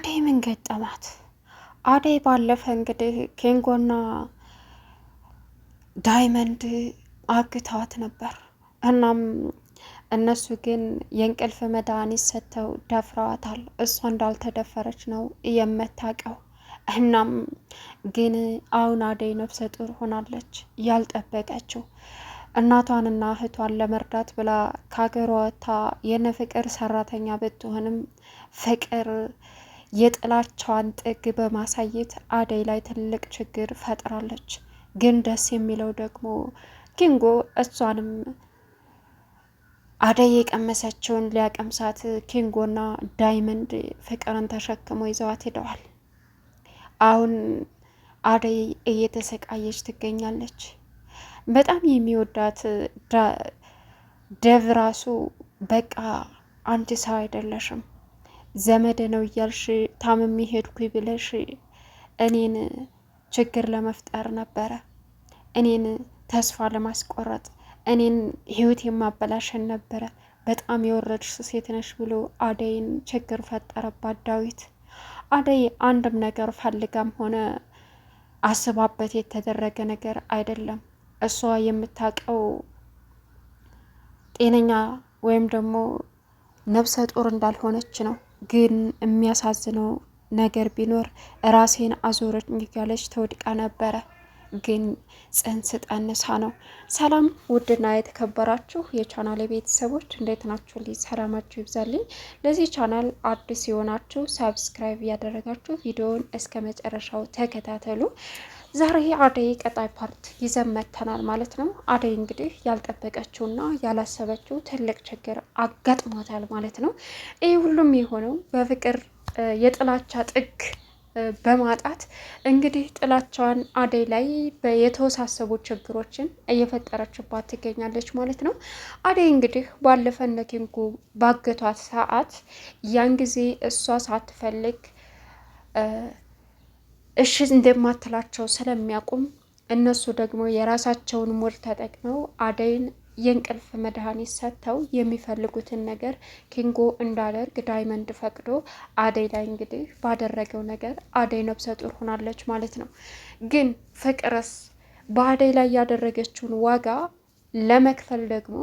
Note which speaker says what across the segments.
Speaker 1: አደይ ምን ገጠማት? አደይ ባለፈ እንግዲህ ኬንጎና ዳይመንድ አግተዋት ነበር። እናም እነሱ ግን የእንቅልፍ መድኃኒት ሰጥተው ደፍረዋታል። እሷ እንዳልተደፈረች ነው የምታውቀው። እናም ግን አሁን አደይ ነፍሰ ጡር ሆናለች። ያልጠበቀችው እናቷንና እህቷን ለመርዳት ብላ ከሀገሯ ወጥታ የነ ፍቅር ሰራተኛ ብትሆንም ፍቅር የጥላቻዋን ጥግ በማሳየት አደይ ላይ ትልቅ ችግር ፈጥራለች። ግን ደስ የሚለው ደግሞ ኪንጎ እሷንም አደይ የቀመሰችውን ሊያቀምሳት ኪንጎና ዳይመንድ ፍቅርን ተሸክሞ ይዘዋት ሄደዋል። አሁን አደይ እየተሰቃየች ትገኛለች። በጣም የሚወዳት ደቭ ራሱ በቃ አንቺ ሰው አይደለሽም ዘመደ ነው እያልሽ ታምሜ ሄድኩኝ ብለሽ እኔን ችግር ለመፍጠር ነበረ፣ እኔን ተስፋ ለማስቆረጥ፣ እኔን ህይወት የማበላሸን ነበረ። በጣም የወረድሽ ሴት ነሽ ብሎ አደይን ችግር ፈጠረባት ዳዊት። አደይ አንድም ነገር ፈልጋም ሆነ አስባበት የተደረገ ነገር አይደለም። እሷ የምታውቀው ጤነኛ ወይም ደግሞ ነብሰ ጡር እንዳልሆነች ነው። ግን የሚያሳዝነው ነገር ቢኖር ራሴን አዞረኝ እያለች ተወድቃ ነበረ። ግን ጽንስ ጠንሳ ነው።
Speaker 2: ሰላም ውድና የተከበራችሁ የቻናል ቤተሰቦች እንዴት ናችሁ? ልጅ ሰላማችሁ ይብዛልኝ። ለዚህ ቻናል አዲስ የሆናችሁ ሳብስክራይብ እያደረጋችሁ ቪዲዮውን እስከ መጨረሻው ተከታተሉ። ዛሬ አደይ ቀጣይ ፓርት ይዘመተናል ማለት ነው። አደይ እንግዲህ ያልጠበቀችውና ያላሰበችው ትልቅ ችግር አጋጥሟታል ማለት ነው። ይህ ሁሉም የሆነው በፍቅር የጥላቻ ጥግ በማጣት እንግዲህ ጥላቻዋን አደይ ላይ የተወሳሰቡ ችግሮችን እየፈጠረችባት ትገኛለች ማለት ነው። አደይ እንግዲህ ባለፈ እነ ኪንጉ ባገቷት ሰዓት ያን ጊዜ እሷ ሳትፈልግ እሺ እንደማትላቸው ስለሚያውቁም እነሱ ደግሞ የራሳቸውን ሙር ተጠቅመው አደይን የእንቅልፍ መድኃኒት ሰጥተው የሚፈልጉትን ነገር ኪንጎ እንዳደርግ ዳይመንድ ፈቅዶ አደይ ላይ እንግዲህ ባደረገው ነገር አደይ ነብሰ ጡር ሆናለች ማለት ነው። ግን ፍቅርስ በአደይ ላይ ያደረገችውን ዋጋ ለመክፈል ደግሞ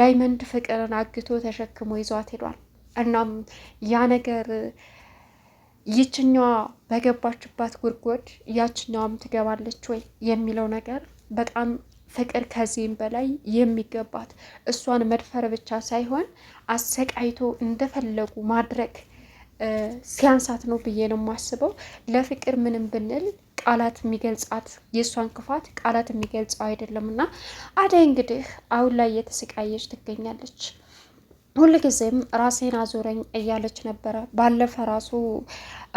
Speaker 2: ዳይመንድ ፍቅርን አግቶ ተሸክሞ ይዟት ሄዷል። እናም ያ ነገር ይችኛዋ በገባችባት ጉድጓድ ያችኛዋም ትገባለች ወይ የሚለው ነገር በጣም ፍቅር ከዚህም በላይ የሚገባት እሷን መድፈር ብቻ ሳይሆን አሰቃይቶ እንደፈለጉ ማድረግ ሲያንሳት ነው ብዬ ነው የማስበው። ለፍቅር ምንም ብንል ቃላት የሚገልጻት የእሷን ክፋት ቃላት የሚገልጸው አይደለም እና አደይ እንግዲህ አሁን ላይ እየተሰቃየች ትገኛለች። ሁልጊዜም ራሴን አዙረኝ እያለች ነበረ። ባለፈ ራሱ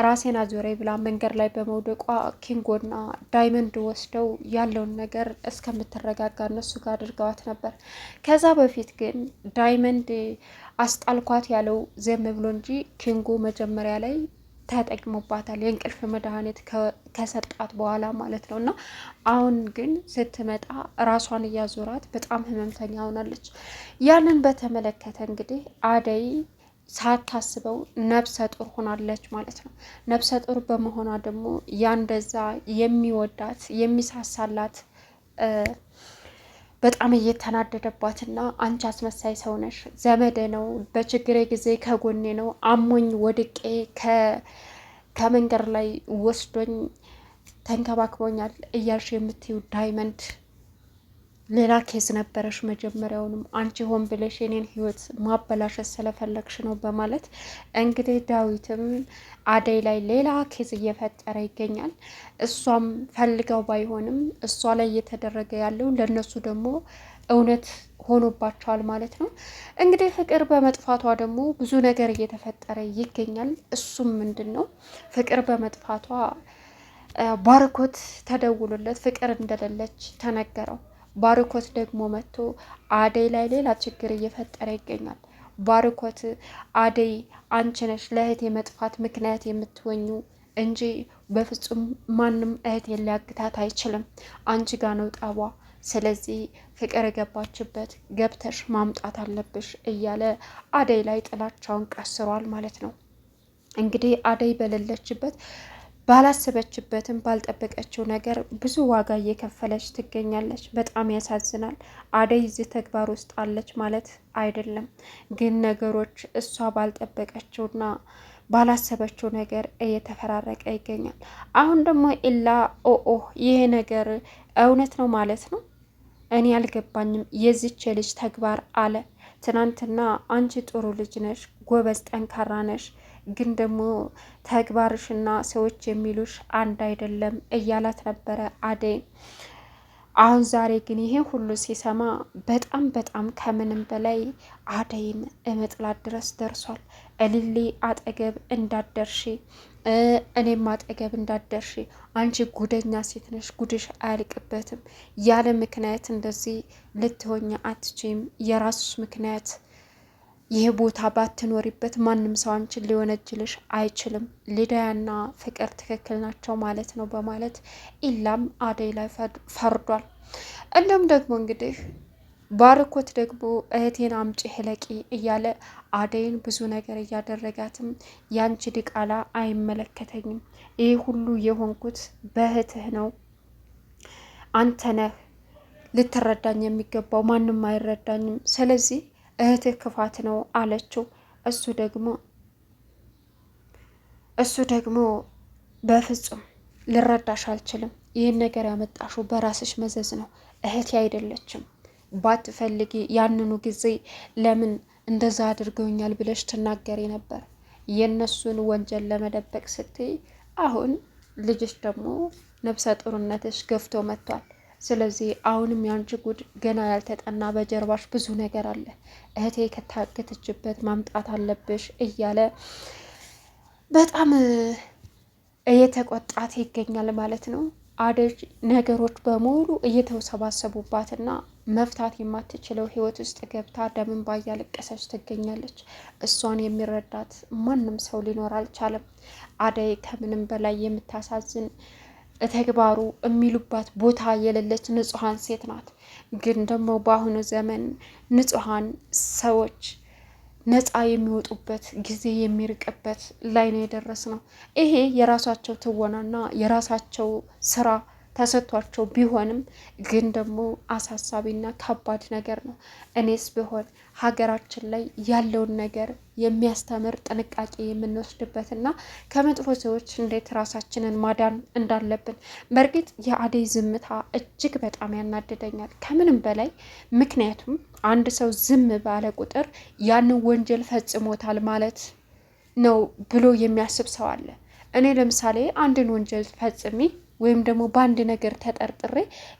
Speaker 2: ራሴን አዙረኝ ብላ መንገድ ላይ በመውደቋ ኪንጎና ዳይመንድ ወስደው ያለውን ነገር እስከምትረጋጋ እነሱ ጋር አድርገዋት ነበር። ከዛ በፊት ግን ዳይመንድ አስጣልኳት ያለው ዘም ብሎ እንጂ ኪንጎ መጀመሪያ ላይ ተጠቅሞባታል የእንቅልፍ መድኃኒት ከሰጣት በኋላ ማለት ነው። እና አሁን ግን ስትመጣ ራሷን እያዞራት በጣም ህመምተኛ ሆናለች። ያንን በተመለከተ እንግዲህ አደይ ሳታስበው ነብሰ ጡር ሆናለች ማለት ነው። ነብሰ ጡር በመሆኗ ደግሞ ያንደዛ የሚወዳት የሚሳሳላት በጣም እየተናደደባትና አንቺ አስመሳይ ሰው ነሽ፣ ዘመዴ ነው፣ በችግሬ ጊዜ ከጎኔ ነው፣ አሞኝ ወድቄ ከመንገድ ላይ ወስዶኝ ተንከባክቦኛል እያልሽ የምትይው ዳይመንድ ሌላ ኬዝ ነበረሽ። መጀመሪያውንም አንቺ ሆን ብለሽ የኔን ህይወት ማበላሸት ስለፈለግሽ ነው በማለት እንግዲህ ዳዊትም አደይ ላይ ሌላ ኬዝ እየፈጠረ ይገኛል። እሷም ፈልገው ባይሆንም እሷ ላይ እየተደረገ ያለው ለእነሱ ደግሞ እውነት ሆኖባቸዋል ማለት ነው። እንግዲህ ፍቅር በመጥፋቷ ደግሞ ብዙ ነገር እየተፈጠረ ይገኛል። እሱም ምንድን ነው ፍቅር በመጥፋቷ ባርኮት ተደውሎለት ፍቅር እንደሌለች ተነገረው። ባርኮት ደግሞ መጥቶ አደይ ላይ ሌላ ችግር እየፈጠረ ይገኛል። ባርኮት አደይ አንቺ ነሽ የመጥፋት ምክንያት የምትወኙ እንጂ በፍጹም ማንም እህቴን ሊያግታት አይችልም። አንቺ ጋ ነው ጠቧ። ስለዚህ ፍቅር የገባችበት ገብተሽ ማምጣት አለብሽ እያለ አደይ ላይ ጥላቻውን ቀስሯል ማለት ነው። እንግዲህ አደይ በሌለችበት ባላሰበችበትም ባልጠበቀችው ነገር ብዙ ዋጋ እየከፈለች ትገኛለች። በጣም ያሳዝናል። አደይ እዚህ ተግባር ውስጥ አለች ማለት አይደለም፣ ግን ነገሮች እሷ ባልጠበቀችውና ባላሰበችው ነገር እየተፈራረቀ ይገኛል። አሁን ደግሞ ኢላ ኦኦ፣ ይሄ ነገር እውነት ነው ማለት ነው። እኔ አልገባኝም የዚች ልጅ ተግባር አለ። ትናንትና አንቺ ጥሩ ልጅ ነሽ፣ ጎበዝ፣ ጠንካራ ነሽ ግን ደግሞ ተግባርሽና ሰዎች የሚሉሽ አንድ አይደለም እያላት ነበረ አደይ። አሁን ዛሬ ግን ይሄ ሁሉ ሲሰማ በጣም በጣም ከምንም በላይ አደይን እመጥላት ድረስ ደርሷል። እልሌ አጠገብ እንዳደርሺ እኔም አጠገብ እንዳደርሺ፣ አንቺ ጉደኛ ሴት ነሽ፣ ጉድሽ አያልቅበትም። ያለ ምክንያት እንደዚህ ልትሆኝ አትችም። የራሱስ ምክንያት ይህ ቦታ ባትኖሪበት ማንም ሰው አንቺን ሊወነጅልሽ አይችልም። ሊዳያና ፍቅር ትክክል ናቸው ማለት ነው በማለት ኢላም አደይ ላይ ፈርዷል። እንዲሁም ደግሞ እንግዲህ ባርኮት ደግሞ እህቴን አምጪ ህለቂ እያለ አደይን ብዙ ነገር እያደረጋትም ያንቺ ድቃላ አይመለከተኝም፣ ይህ ሁሉ የሆንኩት በእህትህ ነው፣ አንተ ነህ ልትረዳኝ የሚገባው፣ ማንም አይረዳኝም። ስለዚህ እህት ክፋት ነው አለችው። እሱ ደግሞ እሱ ደግሞ በፍጹም ልረዳሽ አልችልም፣ ይህን ነገር ያመጣሹ በራስሽ መዘዝ ነው፣ እህቴ አይደለችም። ባትፈልጊ ያንኑ ጊዜ ለምን እንደዛ አድርገውኛል ብለሽ ትናገሪ ነበር። የእነሱን ወንጀል ለመደበቅ ስትይ አሁን ልጅሽ ደግሞ ነብሰ ጡርነትሽ ገፍቶ መጥቷል። ስለዚህ አሁንም ያንቺ ጉድ ገና ያልተጠና በጀርባሽ ብዙ ነገር አለ፣ እህቴ ከታገተችበት ማምጣት አለብሽ እያለ በጣም እየተቆጣት ይገኛል ማለት ነው። አደይ ነገሮች በሙሉ እየተሰባሰቡባትና መፍታት የማትችለው ህይወት ውስጥ ገብታ ደምን ባያለቀሰች ትገኛለች። እሷን የሚረዳት ማንም ሰው ሊኖር አልቻለም። አደይ ከምንም በላይ የምታሳዝን ተግባሩ የሚሉባት ቦታ የሌለች ንጹሐን ሴት ናት። ግን ደግሞ በአሁኑ ዘመን ንጹሐን ሰዎች ነፃ የሚወጡበት ጊዜ የሚርቅበት ላይ ነው የደረስ ነው። ይሄ የራሳቸው ትወናና የራሳቸው ስራ ተሰጥቷቸው ቢሆንም ግን ደግሞ አሳሳቢና ከባድ ነገር ነው። እኔስ ቢሆን ሀገራችን ላይ ያለውን ነገር የሚያስተምር ጥንቃቄ የምንወስድበትና ከመጥፎ ሰዎች እንዴት ራሳችንን ማዳን እንዳለብን። በእርግጥ የአደይ ዝምታ እጅግ በጣም ያናድደኛል ከምንም በላይ ምክንያቱም አንድ ሰው ዝም ባለ ቁጥር ያንን ወንጀል ፈጽሞታል ማለት ነው ብሎ የሚያስብ ሰው አለ። እኔ ለምሳሌ አንድን ወንጀል ፈጽሜ ወይም ደግሞ በአንድ ነገር ተጠርጥሬ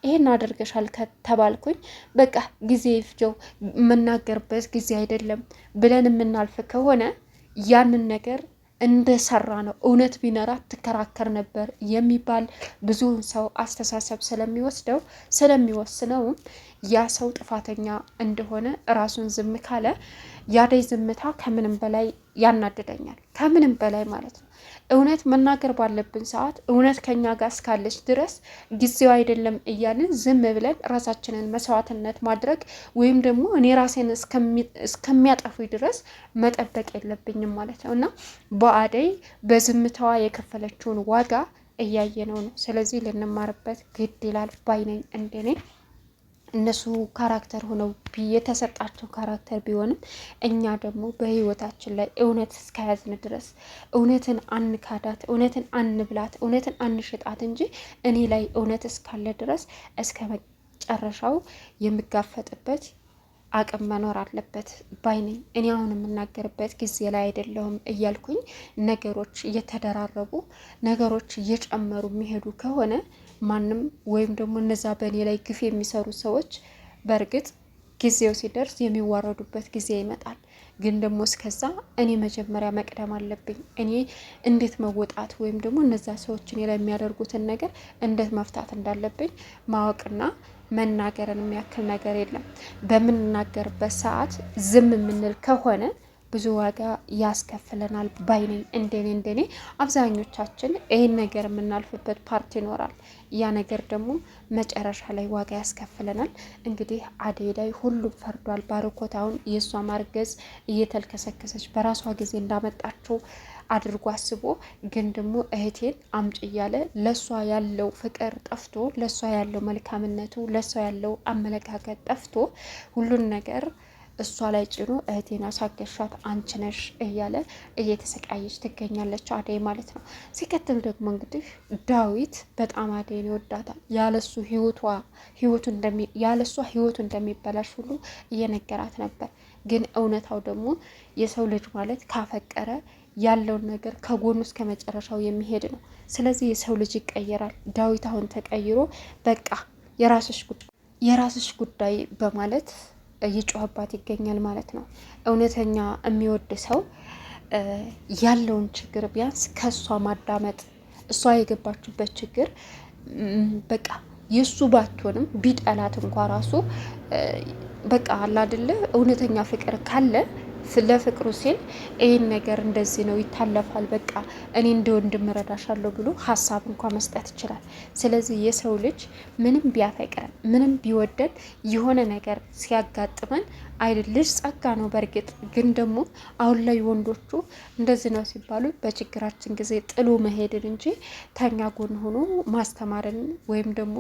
Speaker 2: ይሄን አድርገሻል ከተባልኩኝ በቃ ጊዜ ይፍጀው የምናገርበት ጊዜ አይደለም ብለን የምናልፍ ከሆነ ያንን ነገር እንደሰራ ነው። እውነት ቢኖራት ትከራከር ነበር የሚባል ብዙውን ሰው አስተሳሰብ ስለሚወስደው ስለሚወስነውም ያ ሰው ጥፋተኛ እንደሆነ ራሱን ዝም ካለ የአደይ ዝምታ ከምንም በላይ ያናድደኛል። ከምንም በላይ ማለት ነው። እውነት መናገር ባለብን ሰዓት እውነት ከኛ ጋር እስካለች ድረስ ጊዜው አይደለም እያልን ዝም ብለን ራሳችንን መስዋዕትነት ማድረግ ወይም ደግሞ እኔ ራሴን እስከሚያጠፉ ድረስ መጠበቅ የለብኝም ማለት ነው እና በአደይ በዝምታዋ የከፈለችውን ዋጋ እያየነው ነው ነው። ስለዚህ ልንማርበት ግድ ይላል ባይነኝ እንደኔ እነሱ ካራክተር ሆነው የተሰጣቸው ካራክተር ቢሆንም እኛ ደግሞ በህይወታችን ላይ እውነት እስከያዝን ድረስ እውነትን አንካዳት፣ እውነትን አንብላት፣ እውነትን አንሽጣት እንጂ እኔ ላይ እውነት እስካለ ድረስ እስከ መጨረሻው የምጋፈጥበት አቅም መኖር አለበት ባይነኝ። እኔ አሁን የምናገርበት ጊዜ ላይ አይደለሁም እያልኩኝ ነገሮች እየተደራረቡ ነገሮች እየጨመሩ የሚሄዱ ከሆነ ማንም ወይም ደግሞ እነዛ በእኔ ላይ ግፍ የሚሰሩ ሰዎች በእርግጥ ጊዜው ሲደርስ የሚዋረዱበት ጊዜ ይመጣል። ግን ደግሞ እስከዛ እኔ መጀመሪያ መቅደም አለብኝ። እኔ እንዴት መወጣት ወይም ደግሞ እነዛ ሰዎች እኔ ላይ የሚያደርጉትን ነገር እንዴት መፍታት እንዳለብኝ ማወቅና መናገርን የሚያክል ነገር የለም። በምንናገርበት ሰዓት ዝም የምንል ከሆነ ብዙ ዋጋ ያስከፍለናል ባይነኝ። እንደኔ እንደኔ አብዛኞቻችን ይህን ነገር የምናልፍበት ፓርት ይኖራል። ያ ነገር ደግሞ መጨረሻ ላይ ዋጋ ያስከፍለናል። እንግዲህ አደይ ላይ ሁሉም ፈርዷል። ባርኮት አሁን የእሷ ማርገዝ እየተልከሰከሰች በራሷ ጊዜ እንዳመጣችው አድርጎ አስቦ ግን ደግሞ እህቴን አምጭ እያለ ለእሷ ያለው ፍቅር ጠፍቶ ለእሷ ያለው መልካምነቱ ለእሷ ያለው አመለካከት ጠፍቶ ሁሉን ነገር እሷ ላይ ጭኖ እህቴን አሳገሻት አንቺ ነሽ እያለ እየተሰቃየች ትገኛለች፣ አደይ ማለት ነው። ሲከትል ደግሞ እንግዲህ ዳዊት በጣም አደይን ይወዳታል። ያለሱ ያለሷ ህይወቱ እንደሚበላሽ ሁሉ እየነገራት ነበር። ግን እውነታው ደግሞ የሰው ልጅ ማለት ካፈቀረ ያለውን ነገር ከጎኑ እስከ መጨረሻው የሚሄድ ነው። ስለዚህ የሰው ልጅ ይቀየራል። ዳዊት አሁን ተቀይሮ በቃ የራስሽ ጉዳይ የራስሽ ጉዳይ በማለት እየጮኸባት ይገኛል ማለት ነው። እውነተኛ የሚወድ ሰው ያለውን ችግር ቢያንስ ከእሷ ማዳመጥ እሷ የገባችበት ችግር በቃ የእሱ ባትሆንም ቢጠላት እንኳ ራሱ በቃ አላድለ እውነተኛ ፍቅር ካለ ስለ ፍቅሩ ሲል ይህን ነገር እንደዚህ ነው ይታለፋል፣ በቃ እኔ እንደ ወንድም እረዳሻለሁ ብሎ ሀሳብ እንኳ መስጠት ይችላል። ስለዚህ የሰው ልጅ ምንም ቢያፈቅረን ምንም ቢወደን የሆነ ነገር ሲያጋጥመን አይደልሽ ጸጋ ነው። በእርግጥ ግን ደግሞ አሁን ላይ ወንዶቹ እንደዚህ ነው ሲባሉ በችግራችን ጊዜ ጥሎ መሄድን እንጂ ተኛ ጎን ሆኖ ማስተማርን ወይም ደግሞ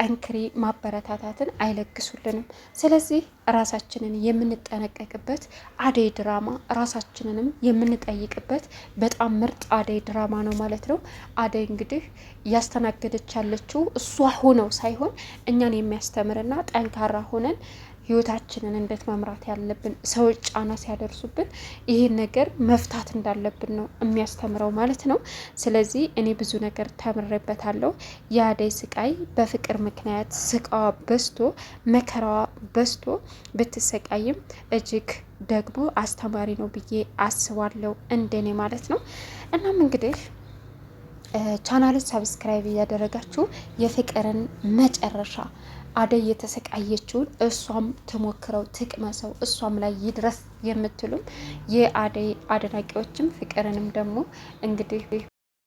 Speaker 2: ጠንክሪ ማበረታታትን አይለግሱልንም። ስለዚህ ራሳችንን የምንጠነቀቅበት አደይ ድራማ ራሳችንንም የምንጠይቅበት በጣም ምርጥ አደይ ድራማ ነው ማለት ነው። አደይ እንግዲህ እያስተናገደች ያለችው እሷ ሆነው ሳይሆን እኛን የሚያስተምርና ጠንካራ ሆነን ህይወታችንን እንዴት መምራት ያለብን ሰዎች ጫና ሲያደርሱብን ይህን ነገር መፍታት እንዳለብን ነው የሚያስተምረው ማለት ነው። ስለዚህ እኔ ብዙ ነገር ተምሬበታለሁ። የአደይ ስቃይ በፍቅር ምክንያት ስቃዋ በዝቶ መከራዋ በዝቶ ብትሰቃይም እጅግ ደግሞ አስተማሪ ነው ብዬ አስባለሁ፣ እንደኔ ማለት ነው። እናም እንግዲህ ቻናልን ሰብስክራይብ እያደረጋችሁ የፍቅርን መጨረሻ አደይ የተሰቃየችውን እሷም ትሞክረው ትቅመሰው እሷም ላይ ይድረስ የምትሉም የአደይ አድናቂዎችም ፍቅርንም ደግሞ እንግዲህ